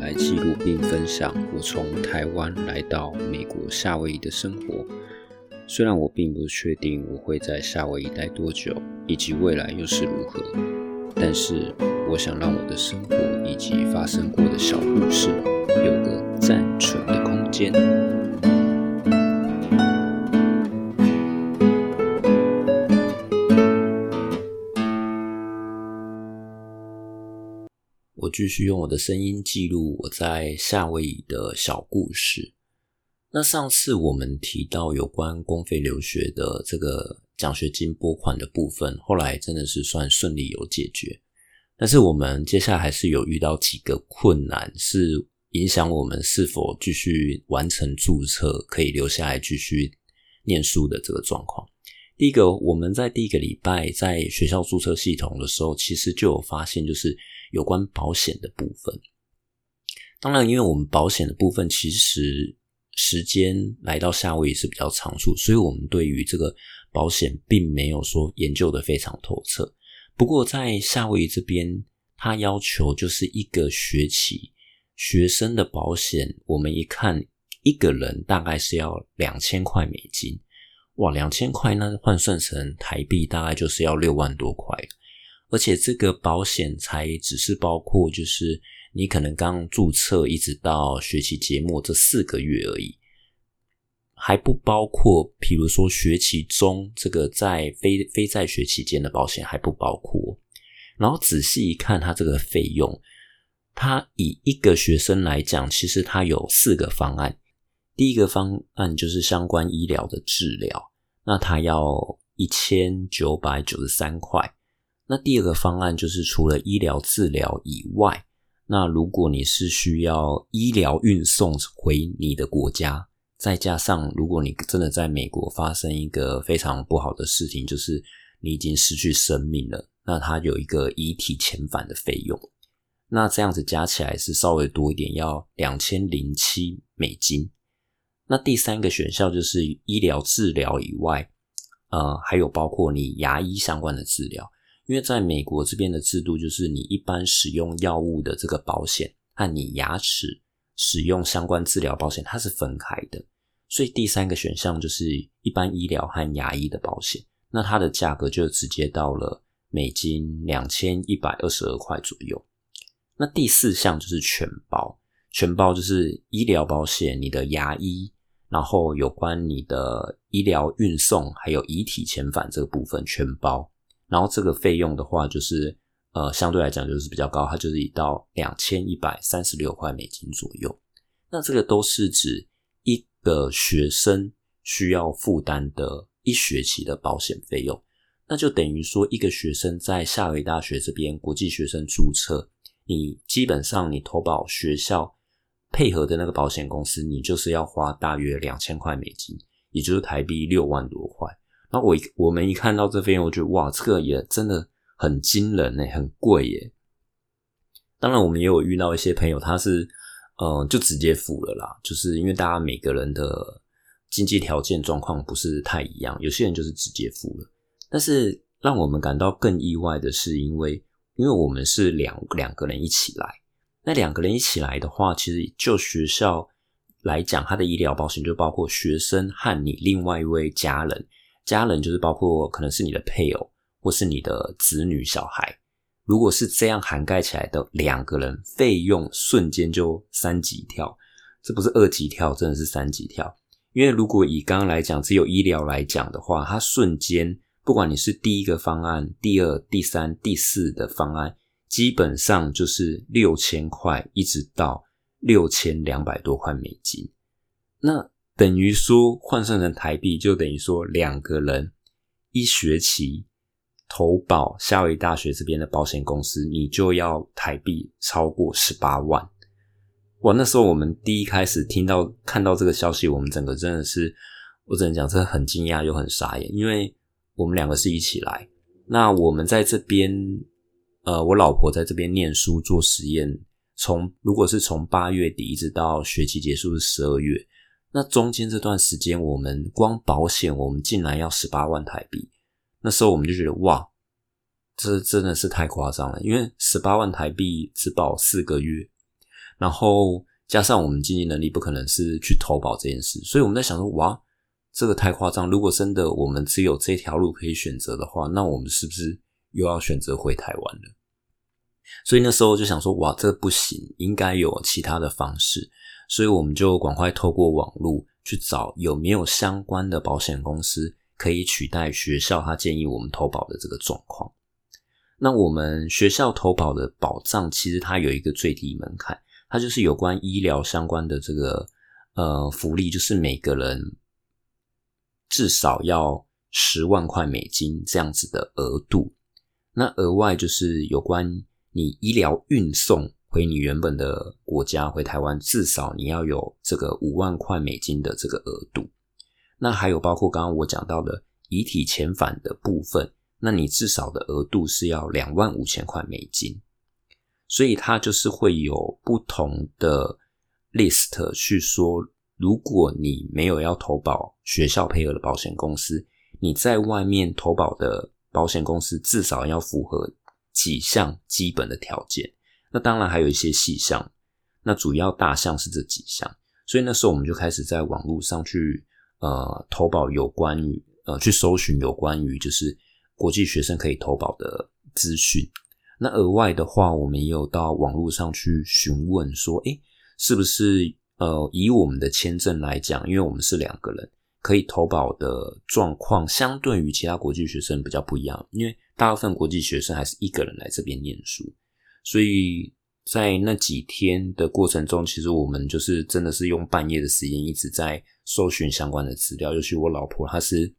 來記錄並分享我從台灣來到美國夏威夷的生活。雖然我並不確定我會在夏威夷待多久，以及未來又是如何，但是我想讓我的生活以及發生過的小故事有個暫存的空間。繼續用我的聲音記錄我在夏威夷的小故事。那上次我們提到有關公費留學的這個獎學金撥款的部分，後來真的是算順利有解決。但是我們接下來還是有遇到幾個困難，是影響我們是否繼續完成注冊，可以留下來繼續念書的這個狀況。第一個，我們在第一個禮拜在學校注冊系統的時候，其實就有發現就是。有關保險的部分，當然，因為我們保險的部分其實時間來到夏威夷是比較倉促，所以我們對於這個保險並沒有說研究得非常透徹。不過，在夏威夷這邊，他要求就是一個學期學生的保險，我們一看，一個人大概是要兩千塊美金，哇，兩千塊那換算成台幣大概就是要六萬多塊。而且這個保險才只是包括，就是你可能剛註冊一直到學期結末這四個月而已，還不包括，比如說學期中這個在非非在學期間的保險還不包括。然後仔細一看，他這個費用，他以一個學生來講，其實他有四個方案。第一個方案就是相關醫療的治療，那他要一千九百九十三塊。那第二個方案就是除了醫療治療以外，那如果你是需要醫療運送回你的國家，再加上如果你真的在美國發生一個非常不好的事情，就是你已經失去生命了，那它有一個遺體遣返的費用，那這樣子加起來是稍微多一點，要兩千零七美金。那第三個選項就是醫療治療以外，呃，還有包括你牙醫相關的治療。因為在美國這邊的制度，就是你一般使用藥物的這個保險和你牙齒使用相關治療保險，它是分開的。所以第三個選項就是一般醫療和牙醫的保險，那它的價格就直接到了美金兩千一百二十二塊左右。那第四項就是全包，全包就是醫療保險、你的牙醫，然後有關你的醫療運送還有遺體遣返，這個部分全包。然後這個費用的話，就是呃，相對來講就是比較高，它就是一到兩千一百三十六塊美金左右。那這個都是指一個學生需要負擔的一學期的保險費用。那就等於說，一個學生在夏威夷大學這邊國際學生注冊，你基本上你投保學校配合的那個保險公司，你就是要花大約兩千塊美金，也就是台幣六萬多塊。那我我們一看到這邊，我覺得哇，這個也真的很驚人誒，很貴耶！當然，我們也有遇到一些朋友，他是嗯、呃，就直接付了啦，就是因為大家每個人的經濟條件狀況不是太一樣，有些人就是直接付了。但是讓我們感到更意外的是，因為因為我們是兩兩個人一起來，那兩個人一起來的話，其實就學校來講，他的醫療保險就包括學生和你另外一位家人。家人就是包括可能是你的配偶或是你的子女小孩，如果是這樣涵蓋起來的兩個人，費用瞬間就三級跳，這不是二級跳，真的是三級跳。因為如果以剛剛來講，只有醫療來講的話，它瞬間不管你是第一個方案、第二、第三、第四的方案，基本上就是六千塊一直到六千兩百多塊美金，那等於說換算成台幣，就等於說兩個人一學期投保夏威夷大學這邊的保險公司，你就要台幣超過十八萬。哇！那時候我們第一開始聽到看到這個消息，我們整個真的是，我只能講是很驚訝又很傻眼，因為我們兩個是一起來，那我們在這邊，呃，我老婆在這邊念書做實驗，從如果是從八月底一直到學期結束是十二月。那中間這段時間，我們光保險，我們竟然要十八萬台幣。那時候我們就覺得哇，這真的是太誇張了，因為十八萬台幣只保四個月，然後加上我們經濟能力不可能是去投保這件事，所以我們在想說，哇，這個太誇張。如果真的我們只有這條路可以選擇的話，那我們是不是又要選擇回台灣了？所以那時候就想說，哇，這個、不行，應該有其他的方式。所以我們就趕快透過網絡去找有沒有相關的保險公司可以取代學校他建議我們投保的這個狀況。那我們學校投保的保障其實它有一個最低門檻，它就是有關醫療相關的這個呃福利，就是每個人至少要十萬塊美金這樣子的額度。那額外就是有關你醫療運送。回你原本的國家，回台灣，至少你要有這個五萬塊美金的這個額度。那還有包括剛剛我講到的遺體遣返的部分，那你至少的額度是要兩萬五千塊美金。所以它就是會有不同的 list 去說，如果你沒有要投保學校配額的保險公司，你在外面投保的保險公司至少要符合幾項基本的條件。那當然還有一些細項，那主要大項是這幾項，所以那時候我們就開始在網絡上去呃投保有關於呃去搜尋有關於就是國際學生可以投保的資訊。那額外的話，我們也有到網絡上去詢問說，哎、欸，是不是呃以我們的簽證來講，因為我們是兩個人可以投保的狀況，相對於其他國際學生比較不一樣，因為大部分國際學生還是一個人來這邊念書。所以在那幾天的過程中，其實我們就是真的是用半夜的時間一直在搜尋相關的資料。尤其我老婆，她是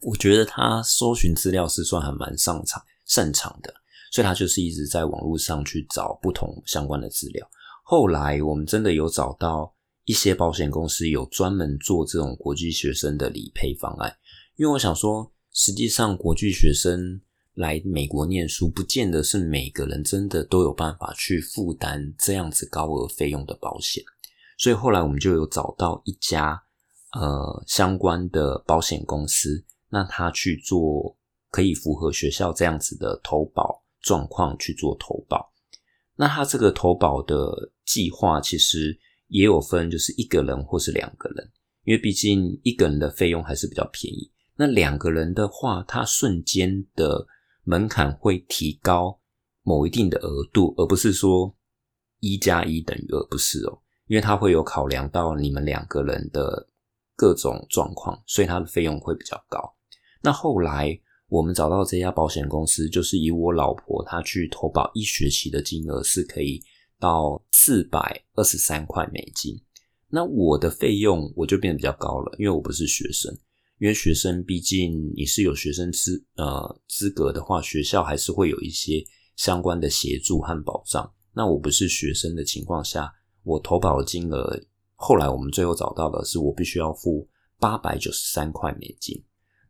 我覺得她搜尋資料是算還蠻上場擅長的，所以她就是一直在網絡上去找不同相關的資料。後來我們真的有找到一些保險公司有專門做這種國際學生的理賠方案，因為我想說，實際上國際學生。來美國念書，不見得是每個人真的都有辦法去負擔這樣子高額費用的保險。所以後來我們就有找到一家呃相關的保險公司，那他去做可以符合學校這樣子的投保狀況去做投保。那他這個投保的計劃其實也有分，就是一個人或是兩個人，因為畢竟一個人的費用還是比較便宜。那兩個人的話，他瞬間的。門檻會提高某一定的額度，而不是說一加一等於二，不是哦，因為它會有考量到你們兩個人的各種狀況，所以它的費用會比較高。那後來我們找到這家保險公司，就是以我老婆她去投保一學期的金額是可以到四百二十三塊美金，那我的費用我就變得比較高了，因為我不是學生。因為學生畢竟你是有學生資呃資格的話，學校還是會有一些相關的協助和保障。那我不是學生的情況下，我投保的金額，後來我們最後找到的是我必須要付八百九十三塊美金。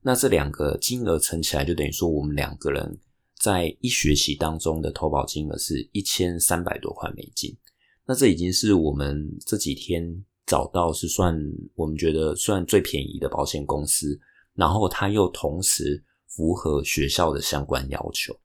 那這兩個金額乘起來，就等於說我們兩個人在一學期當中的投保金額是一千三百多塊美金。那這已經是我們這幾天。找到是算我們覺得算最便宜的保險公司，然後他又同時符合學校的相關要求。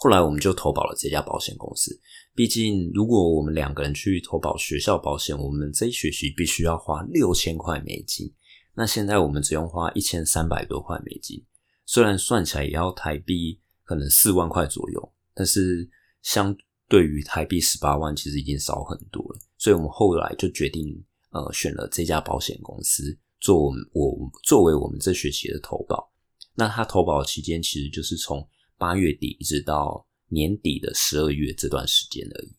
後來我們就投保了這家保險公司。畢竟，如果我們兩個人去投保學校保險，我們這一學期必須要花六千塊美金。那現在我們只用花一千三百多塊美金，雖然算起來也要台幣可能四萬塊左右，但是相對於台幣十八萬，其實已經少很多了。所以我們後來就決定，呃，選了這家保險公司做我們，我，作為我們這學期的投保。那他投保的期間其實就是從八月底一直到年底的十二月這段時間而已。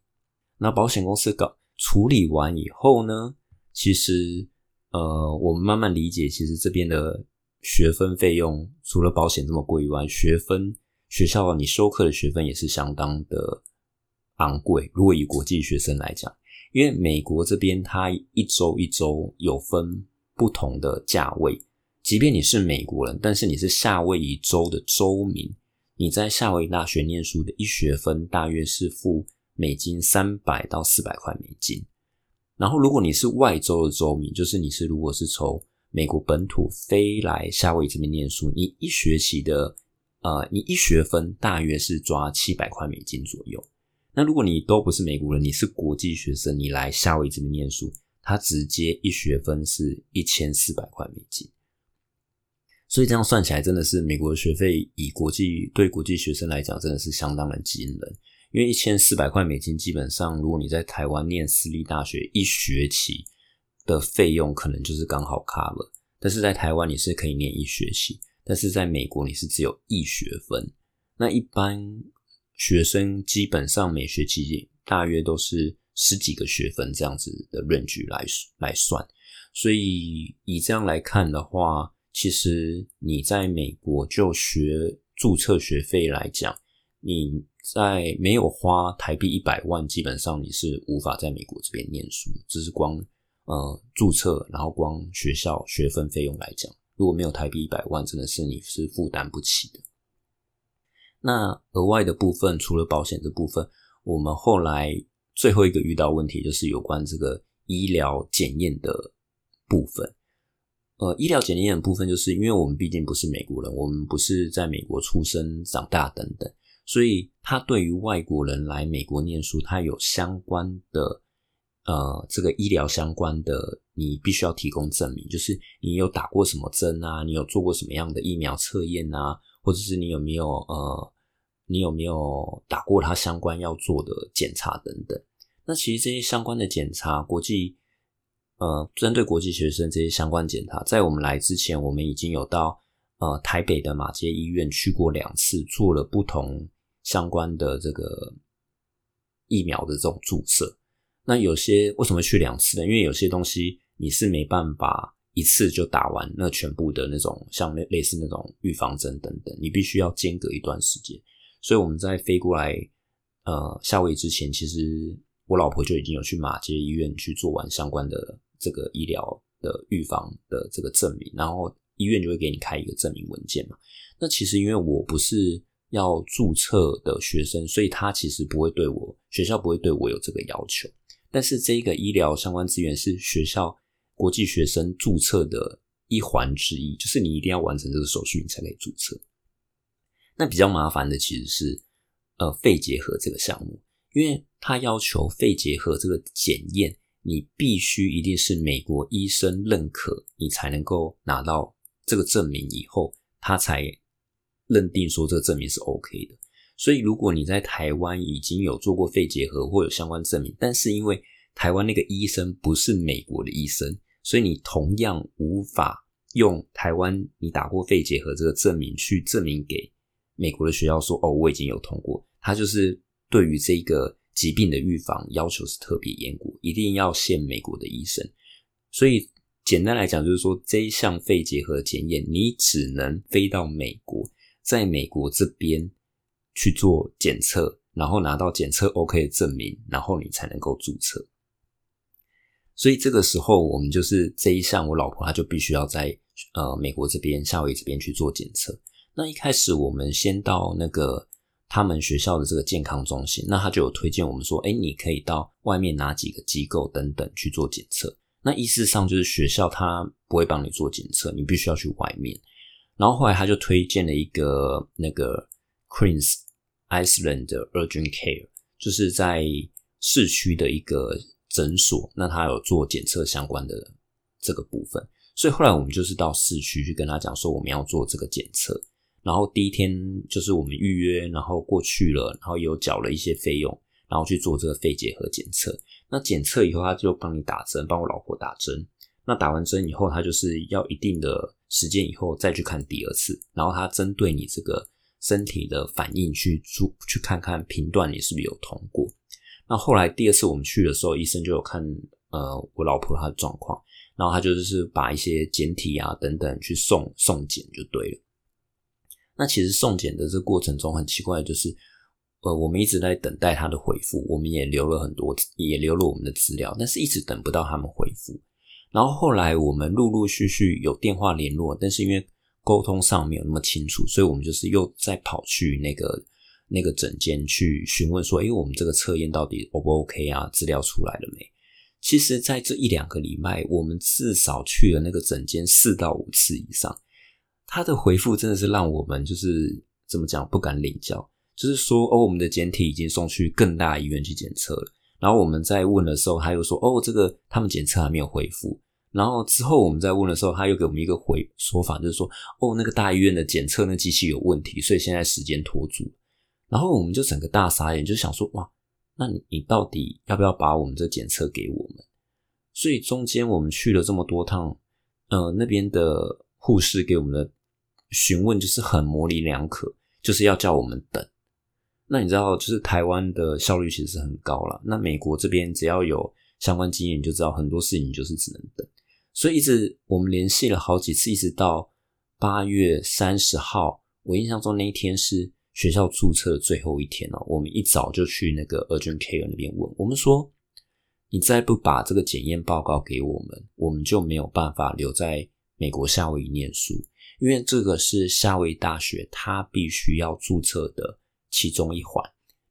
那保險公司搞處理完以後呢，其實呃，我們慢慢理解，其實這邊的學分費用除了保險這麼貴以外，學分學校你修課的學分也是相當的昂貴。如果以國際學生來講，因為美國這邊，它一州一州有分不同的價位。即便你是美國人，但是你是夏威夷州的州民，你在夏威夷大學念書的一學分大約是付美金三百到四百塊美金。然後，如果你是外州的州民，就是你是如果是從美國本土飛來夏威夷這邊念書，你一學期的呃，你一學分大約是抓七百塊美金左右。那如果你都不是美國人，你是國際學生，你來夏威夷這邊念書，他直接一學分是一千四百塊美金。所以這樣算起來，真的是美國的學費以國際對國際學生來講，真的是相當的驚人。因為一千四百塊美金，基本上如果你在台灣念私立大學一學期的費用，可能就是剛好卡了。但是在台灣你是可以念一學期，但是在美國你是只有一學分。那一般。學生基本上每學期大約都是十幾個學分這樣子的論據來來算，所以以這樣來看的話，其實你在美國就學註冊學費來講，你在沒有花台幣一百萬，基本上你是無法在美國這邊念書。只是光呃註冊，然後光學校學分費用來講，如果沒有台幣一百萬，真的是你是負擔不起的。那額外的部分，除了保險這部分，我們後來最後一個遇到問題就是有關這個醫療檢驗的部分。呃，醫療檢驗的部分，就是因為我們畢竟不是美國人，我們不是在美國出生長大等等，所以他對於外國人來美國念書，他有相關的呃這個醫療相關的，你必須要提供證明，就是你有打過什麼針啊，你有做過什麼樣的疫苗測驗啊。或者是你有沒有呃，你有沒有打過他相關要做的檢查等等？那其實這些相關的檢查，國際呃，針對國際學生這些相關檢查，在我們來之前，我們已經有到呃台北的馬偕醫院去過兩次，做了不同相關的這個疫苗的這種注射。那有些為什麼去兩次呢？因為有些東西你是沒辦法。一次就打完那全部的那種，像類類似那種預防針等等，你必須要間隔一段時間。所以我們在飛過來呃夏威夷之前，其實我老婆就已經有去馬偕醫院去做完相關的這個醫療的預防的這個證明，然後醫院就會給你開一個證明文件嘛。那其實因為我不是要註冊的學生，所以他其實不會對我學校不會對我有這個要求，但是這個醫療相關資源是學校國際學生註冊的一環之一，就是你一定要完成這個手續，你才可以註冊。那比較麻煩的其實是，呃，肺結核這個項目，因為他要求肺結核這個檢驗，你必須一定是美國醫生認可，你才能夠拿到這個證明以後，他才認定說這個證明是 OK 的。所以，如果你在台灣已經有做過肺結核或有相關證明，但是因為台灣那個醫生不是美國的醫生，所以你同樣無法用台灣你打過肺結核這個證明去證明給美國的學校說，哦，我已經有通過。他就是對於這個疾病的預防要求是特別嚴格，一定要限美國的醫生。所以簡單來講，就是說這一項肺結核檢驗，你只能飛到美國，在美國這邊去做檢測，然後拿到檢測 OK 的證明，然後你才能夠注冊。所以這個時候，我們就是這一項，我老婆她就必須要在呃美國這邊夏威夷這邊去做檢測。那一開始我們先到那個他們學校的這個健康中心，那他就有推薦我們說，哎，你可以到外面哪幾個機構等等去做檢測。那意思上就是學校他不會幫你做檢測，你必須要去外面。然後後來他就推薦了一個那個 Queen's Island 的 Urgent Care，就是在市區的一個診所，那他有做檢測相關的這個部分，所以後來我們就是到市區去跟他講說我們要做這個檢測，然後第一天就是我們預約，然後過去了，然後也有繳了一些費用，然後去做這個肺結核檢測。那檢測以後，他就幫你打針，幫我老婆打針。那打完針以後，他就是要一定的時間以後再去看第二次，然後他針對你這個身體的反應去做，去看看評斷你是不是有通過。那後來第二次我們去的時候，醫生就有看呃我老婆她的狀況，然後他就是把一些檢體啊等等去送送檢就對了。那其實送檢的這個過程中很奇怪，就是呃我們一直在等待他的回復，我們也留了很多也留了我們的資料，但是一直等不到他們回復。然後後來我們陸陸續續有電話聯絡，但是因為溝通上沒有那麼清楚，所以我們就是又再跑去那個。那個診間去詢問說：“因為我們這個測驗到底 O 不 OK 啊？資料出來了沒？”其實，在這一兩個禮拜，我們至少去了那個診間四到五次以上。他的回復真的是讓我們就是怎麼講不敢領教，就是說哦，我們的檢體已經送去更大醫院去檢測了。然後我們再問的時候，他又說：“哦，這個他們檢測還沒有回復。”然後之後我們再問的時候，他又給我們一個回說法，就是說：“哦，那個大醫院的檢測那機器有問題，所以現在時間拖住。”然後我們就整個大傻眼，就想說哇，那你到底要不要把我們這檢測給我們？所以中間我們去了這麼多趟，呃，那邊的護士給我們的詢問就是很模棱兩可，就是要叫我們等。那你知道，就是台灣的效率其實是很高啦。那美國這邊只要有相關經驗，你就知道很多事情就是只能等。所以一直我們聯繫了好幾次，一直到八月三十號，我印象中那一天是。學校註冊最後一天了，我們一早就去那個 urgent care 那邊問，我們說：“你再不把這個檢驗報告給我們，我們就沒有辦法留在美國夏威夷念書，因為這個是夏威夷大學他必須要註冊的其中一環。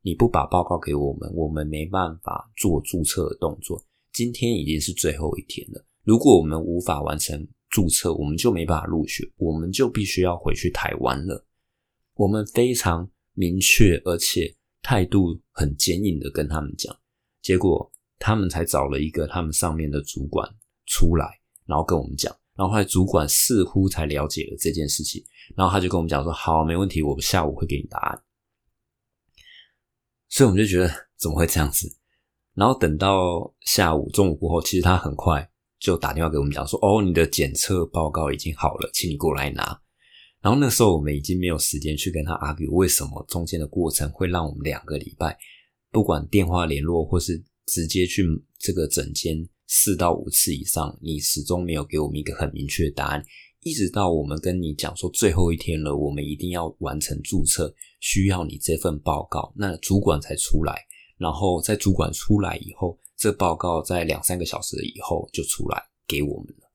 你不把報告給我們，我們沒辦法做註冊的動作。今天已經是最後一天了，如果我們無法完成註冊，我們就沒辦法入學，我們就必須要回去台灣了。”我們非常明確，而且態度很堅硬的跟他們講，結果他們才找了一個他們上面的主管出來，然後跟我們講，然後後來主管似乎才了解了這件事情，然後他就跟我們講說：“好，沒問題，我下午會給你答案。”所以我們就覺得怎麼會這樣子？然後等到下午中午過後，其實他很快就打電話給我們講說：“哦，你的檢測報告已經好了，請你過來拿。”然後那時候我們已經沒有時間去跟他 argue，為什麼中間的過程會讓我們兩個禮拜，不管電話聯絡或是直接去這個診間四到五次以上，你始終沒有給我們一個很明確的答案。一直到我們跟你講說最後一天了，我們一定要完成注冊，需要你這份報告，那主管才出來。然後在主管出來以後，這報告在兩三個小時以後就出來給我們了。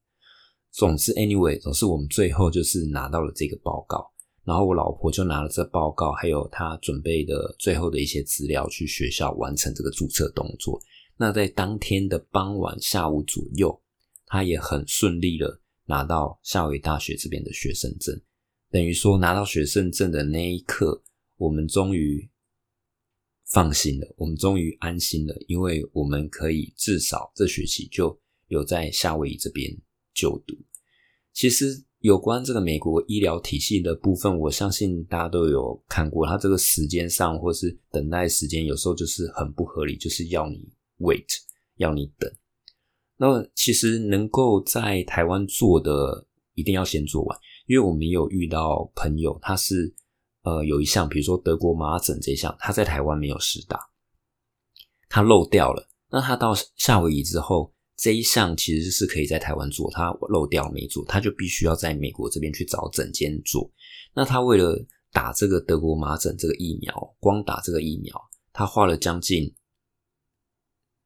總之，anyway，總是我們最後就是拿到了這個報告，然後我老婆就拿了這報告，還有她準備的最後的一些資料，去學校完成這個註冊動作。那在當天的傍晚下午左右，她也很順利的拿到夏威夷大學這邊的學生證。等於說拿到學生證的那一刻，我們終於放心了，我們終於安心了，因為我們可以至少這學期就有在夏威夷這邊就讀，其實有關這個美國醫療體系的部分，我相信大家都有看過。它這個時間上或是等待時間，有時候就是很不合理，就是要你 wait，要你等。那麼其實能夠在台灣做的，一定要先做完，因為我們有遇到朋友，他是呃有一項，比如說德國麻疹這項，他在台灣沒有施打，他漏掉了。那他到夏威夷之後。這一項其實是可以在台灣做，他漏掉沒做，他就必須要在美國這邊去找診間做。那他為了打這個德國麻疹這個疫苗，光打這個疫苗，他花了將近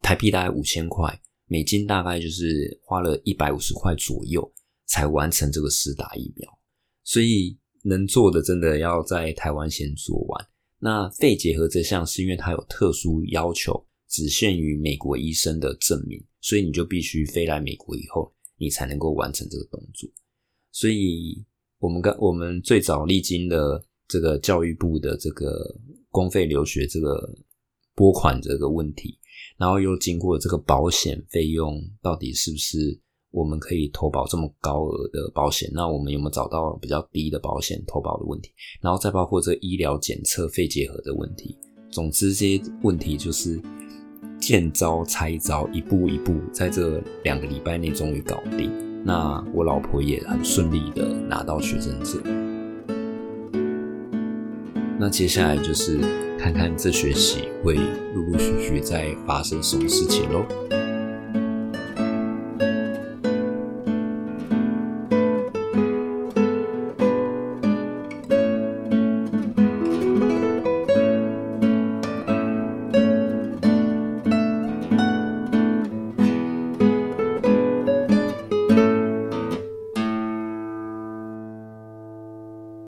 台幣大概五千塊，美金大概就是花了一百五十塊左右，才完成這個施打疫苗。所以能做的真的要在台灣先做完。那肺結核這項是因為它有特殊要求，只限於美國醫生的證明。所以你就必須飛來美國以後，你才能夠完成這個動作。所以，我們剛我們最早歷經的這個教育部的這個公費留學這個撥款這個問題，然後又經過這個保險費用到底是不是我們可以投保這麼高額的保險？那我們有沒有找到比較低的保險投保的問題？然後再包括這個醫療檢測肺結核的問題。總之，這些問題就是。見招拆招，一步一步，在這兩個禮拜內終於搞定。那我老婆也很順利的拿到學生證。那接下來就是看看這學期會陸陸續續在發生什麼事情嘍。